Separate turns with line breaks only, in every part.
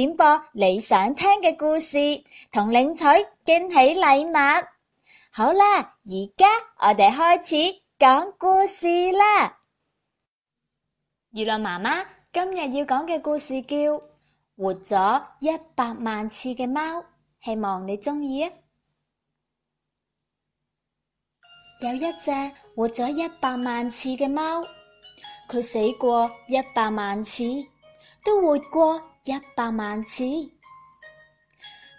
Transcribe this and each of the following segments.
點播你想聽嘅故事，同領取驚喜禮物。好啦，而家我哋開始講故事啦。月亮媽媽今日要講嘅故事叫《活咗一百萬次嘅貓》，希望你鍾意啊！有一隻活咗一百萬次嘅貓，佢死過一百萬次，都活過。一百萬次，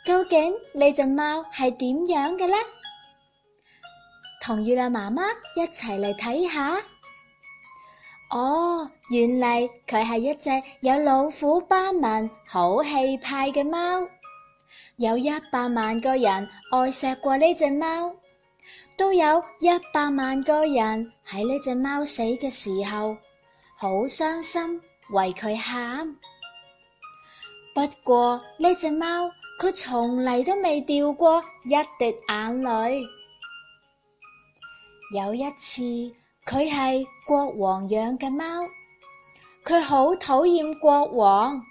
究竟呢隻貓係點樣嘅呢？同月亮媽媽一齊嚟睇下。哦，原嚟佢係一隻有老虎斑紋、好氣派嘅貓，有一百萬個人愛錫過呢隻貓，都有一百萬個人喺呢隻貓死嘅時候好傷心，為佢喊。不過呢隻貓，佢從嚟都未掉過一滴眼淚。有一次，佢係國王養嘅貓，佢好討厭國王。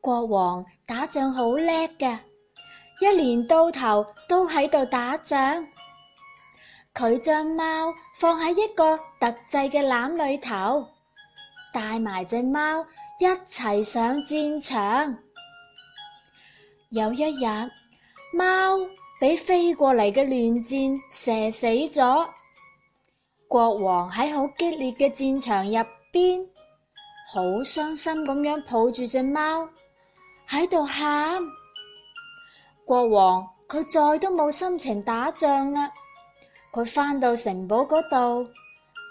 國王打仗好叻嘅，一年到頭都喺度打仗。佢將貓放喺一個特製嘅籃裏頭，帶埋隻貓。一齊上戰場。有一日，貓俾飛過嚟嘅亂箭射死咗。國王喺好激烈嘅戰場入邊，好傷心咁樣抱住隻貓喺度喊。國王佢再都冇心情打仗啦。佢返到城堡嗰度，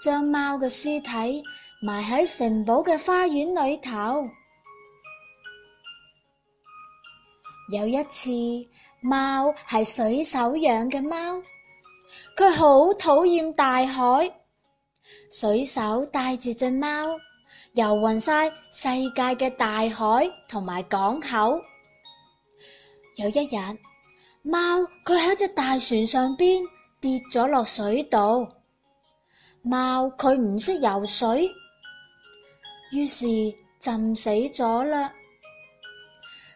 將貓嘅屍體。埋喺城堡嘅花園裏頭。有一次，貓係水手養嘅貓，佢好討厭大海。水手帶住隻貓遊匀晒世界嘅大海同埋港口。有一日，貓佢喺隻大船上面跌咗落水度，貓佢唔識游水。於是浸死咗啦！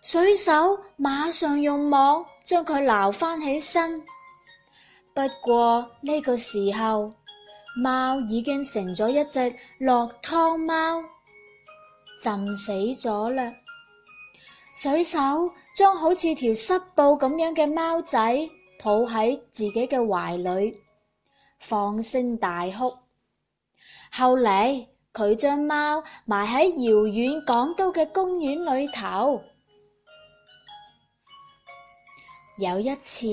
水手馬上用網將佢撈翻起身，不過呢個時候貓已經成咗一隻落湯貓，浸死咗啦！水手將好似條濕布咁樣嘅貓仔抱喺自己嘅懷裏，放聲大哭。後嚟。佢將貓埋喺遙遠港都嘅公園裏頭。有一次，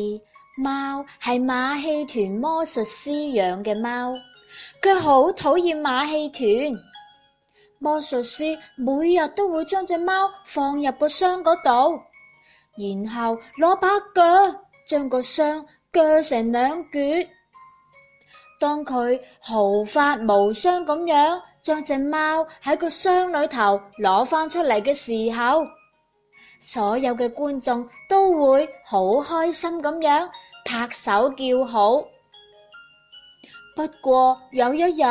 貓係馬戲團魔術師養嘅貓，佢好討厭馬戲團魔術師，每日都會將隻貓放入個箱嗰度，然後攞把鋸將個箱鋸成兩橛，當佢毫髮無傷咁樣。將隻貓喺個箱裏頭攞翻出嚟嘅時候，所有嘅觀眾都會好開心咁樣拍手叫好。不過有一日，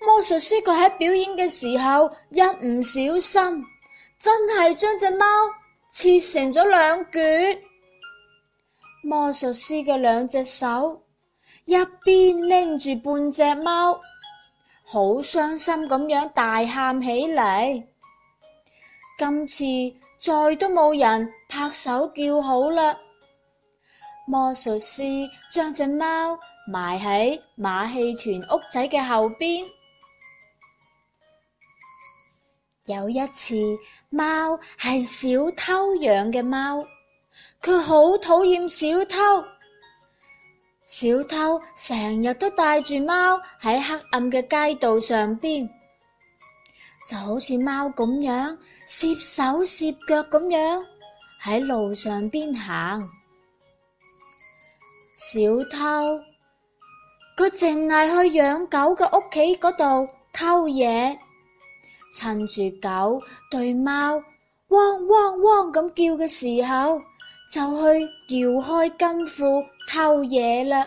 魔術師佢喺表演嘅時候一唔小心，真係將隻貓切成咗兩橛。魔術師嘅兩隻手一邊拎住半隻貓。好傷心咁樣大喊起嚟，今次再都冇人拍手叫好啦！魔術師將隻貓埋喺馬戲團屋仔嘅後邊。 有一次，貓係小偷養嘅貓，佢好討厭小偷。小偷成日都帶住貓喺黑暗嘅街道上邊，就好似貓咁樣，攝手攝腳咁樣喺路上邊行。小偷佢淨係去養狗嘅屋企嗰度偷嘢，趁住狗對貓汪汪汪咁叫嘅時候。就去撬開金庫偷嘢嘞。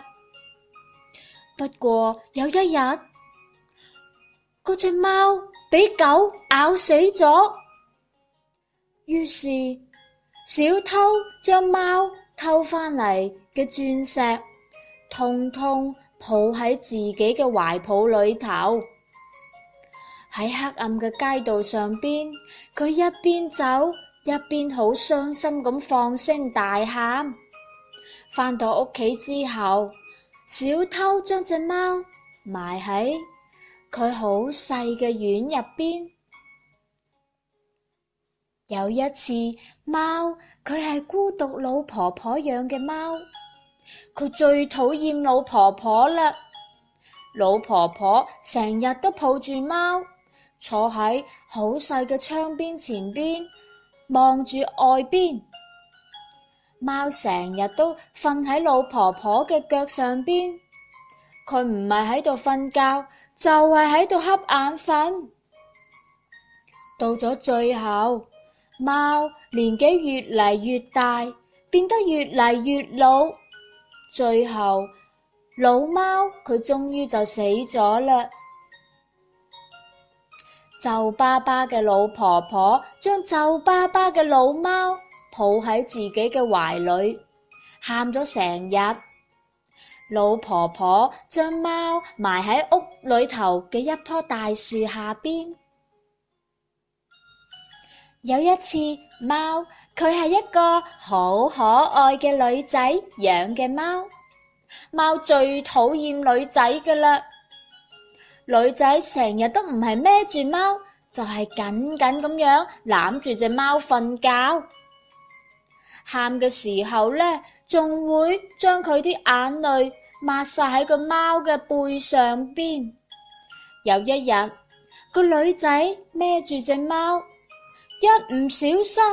不過有一日，嗰隻貓俾狗咬死咗。於是小偷將貓偷返嚟嘅鑽石，痛痛抱喺自己嘅懷抱裏頭。喺黑暗嘅街道上邊，佢一邊走。一邊好傷心咁放聲大喊。返到屋企之後，小偷將隻貓埋喺佢好細嘅院入邊。有一次，貓，佢係孤獨老婆婆養嘅貓，佢最討厭老婆婆啦。老婆婆成日都抱住貓，坐喺好細嘅窗邊前邊，望住外邊，貓成日都瞓喺老婆婆嘅腳上邊，佢唔係喺度瞓覺，就係喺度瞌眼瞓。到咗最後，貓年紀越嚟越大，變得越嚟越老，最後老貓佢終於就死咗啦。皺巴巴嘅老婆婆將皺巴巴嘅老貓抱喺自己嘅懷裏，喊咗成日。老婆婆將貓埋喺屋裏頭嘅一棵大樹下邊。有一次，貓佢係一個好可愛嘅女仔養嘅貓，貓最討厭女仔㗎喇。女仔成日都唔係孭住貓，就係緊緊咁樣攬住隻貓瞓覺。喊嘅時候呢，仲會將佢啲眼淚抹晒喺個貓嘅背上邊。有一日，個女仔孭住隻貓，一唔小心，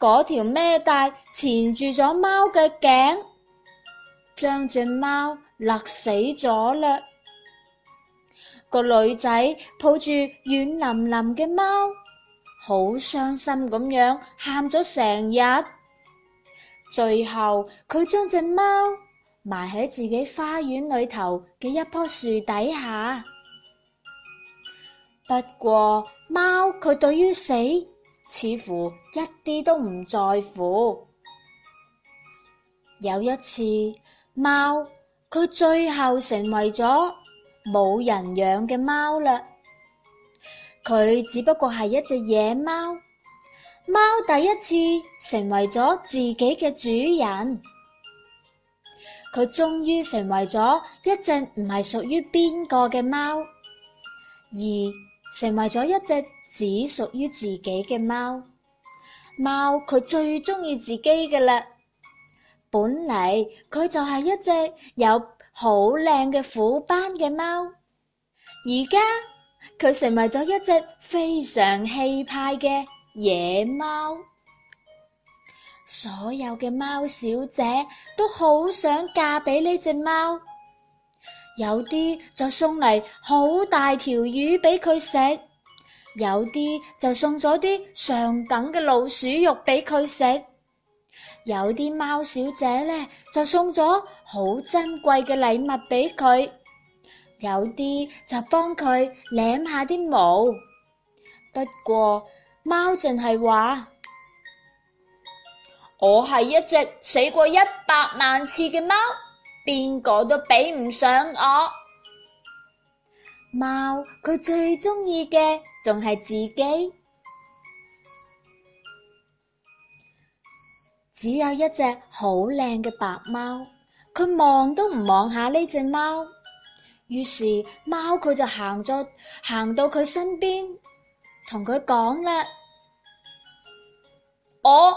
嗰條孭帶纏住咗貓嘅頸，將隻貓勒死咗嘞。個女仔抱住軟腍腍嘅貓，好傷心咁樣喊咗成日。最後佢將隻貓埋喺自己花園裏頭嘅一棵樹底下。不過貓佢對於死似乎一啲都唔在乎。有一次，貓佢最後成為咗。冇人養嘅貓啦，佢只不過係一隻野貓。貓第一次成為咗自己嘅主人，佢終於成為咗一隻唔係屬於邊個嘅貓，而成為咗一隻只屬於自己嘅貓。貓佢最中意自己嘅啦，本嚟佢就係一隻有。好靚嘅虎斑嘅貓，而家佢成為咗一隻非常氣派嘅野貓。所有嘅貓小姐都好想嫁俾呢隻貓。有啲就送嚟好大條魚俾佢食，有啲就送咗啲上等嘅老鼠肉俾佢食。有啲貓小姐呢就送咗好珍貴嘅禮物俾佢，有啲就幫佢舐下啲毛。不過貓淨係話：我係一隻死過一百萬次嘅貓，邊個都比唔上我。貓，佢最中意嘅仲係自己。只有一隻好靚嘅白貓，佢望都唔望下呢隻貓。於是貓佢就行咗行到佢身邊，同佢講啦：我、哦、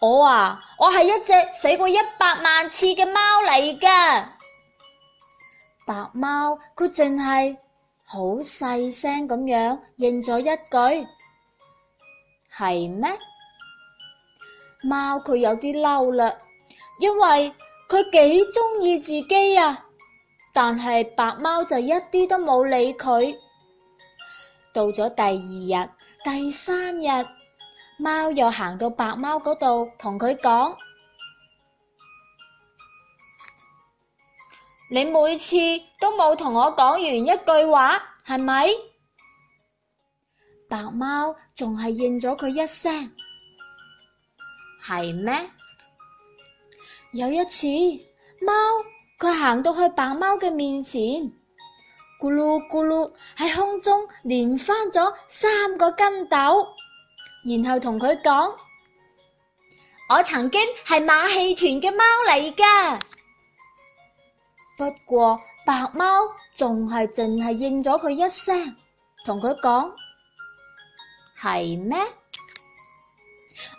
我啊，我係一隻死過一百萬次嘅貓嚟㗎。白貓佢淨係好細聲咁樣應咗一句：係咩？貓佢有啲嬲嘞，因為佢幾鍾意自己啊，但係白貓就一啲都冇理佢。到咗第二日、第三日，貓又行到白貓嗰度，同佢講：你每次都冇同我講完一句話，係咪？白貓仲係應咗佢一聲。係咩？有一次，貓佢行到去白貓嘅面前，咕嚕咕嚕喺空中連翻咗三個跟鬥，然後同佢講：我曾經係馬戲團嘅貓嚟㗎。不過白貓仲係淨係應咗佢一聲，同佢講：係咩嗎？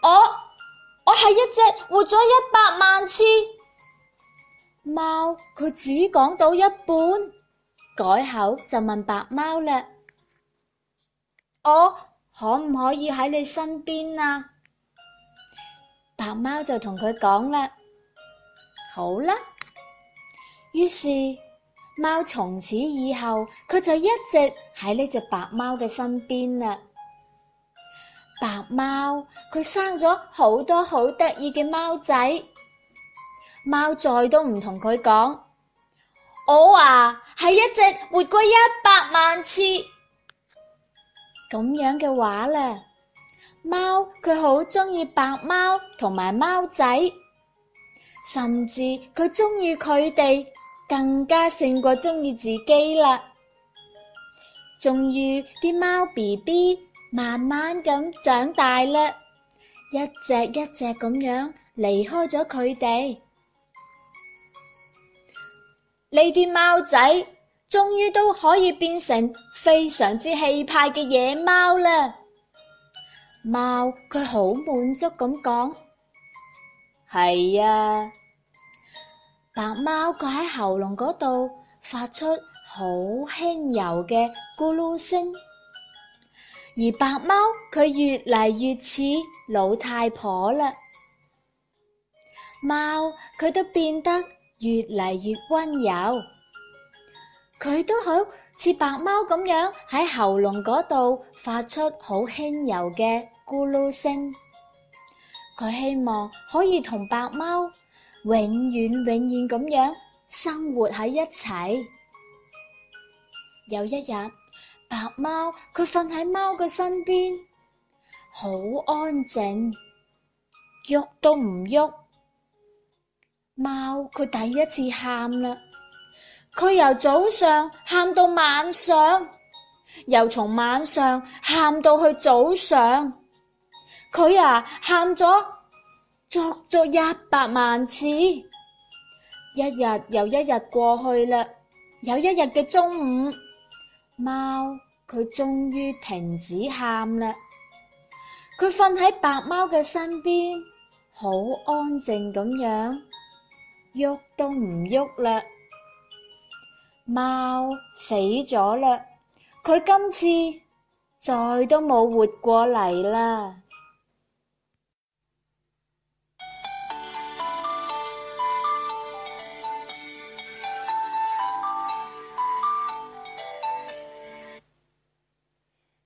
我、哦。我係一隻活咗一百萬次貓，佢只講到一半，改口就問白貓啦：我、哦、可唔可以喺你身邊啊？白貓就同佢講啦：好啦。於是貓從此以後，佢就一直喺呢隻白貓嘅身邊啦。白貓佢生咗好多好得意嘅貓仔，貓再都唔同佢講。我、哦、啊係一隻活過一百萬次，咁樣嘅話咧，貓佢好中意白貓同埋貓仔，甚至佢中意佢哋更加勝過中意自己啦。仲有啲貓 B B。慢慢咁長大嘞，一隻一隻咁樣離開咗佢哋，呢啲貓仔終於都可以變成非常之氣派嘅野貓嘞。貓佢好滿足咁講：係啊，白貓佢喺喉嚨嗰度發出好輕柔嘅咕嚕聲。而白貓佢越嚟越似老太婆啦，貓佢都變得越嚟越溫柔，佢都好似白貓咁樣喺喉嚨嗰度發出好輕柔嘅咕嚕聲。佢希望可以同白貓永遠永遠咁樣生活喺一齊。有一日。白貓佢瞓喺貓嘅身邊，好安靜，喐都唔喐。貓佢第一次喊啦，佢由早上喊到晚上，又從晚上喊到去早上，佢啊喊咗足足一百萬次。一日又一日過去啦，有一日嘅中午。貓佢終於停止喊啦，佢瞓喺白貓嘅身邊，好安靜咁樣，喐都唔喐啦。貓死咗啦，佢今次再都冇活過嚟啦。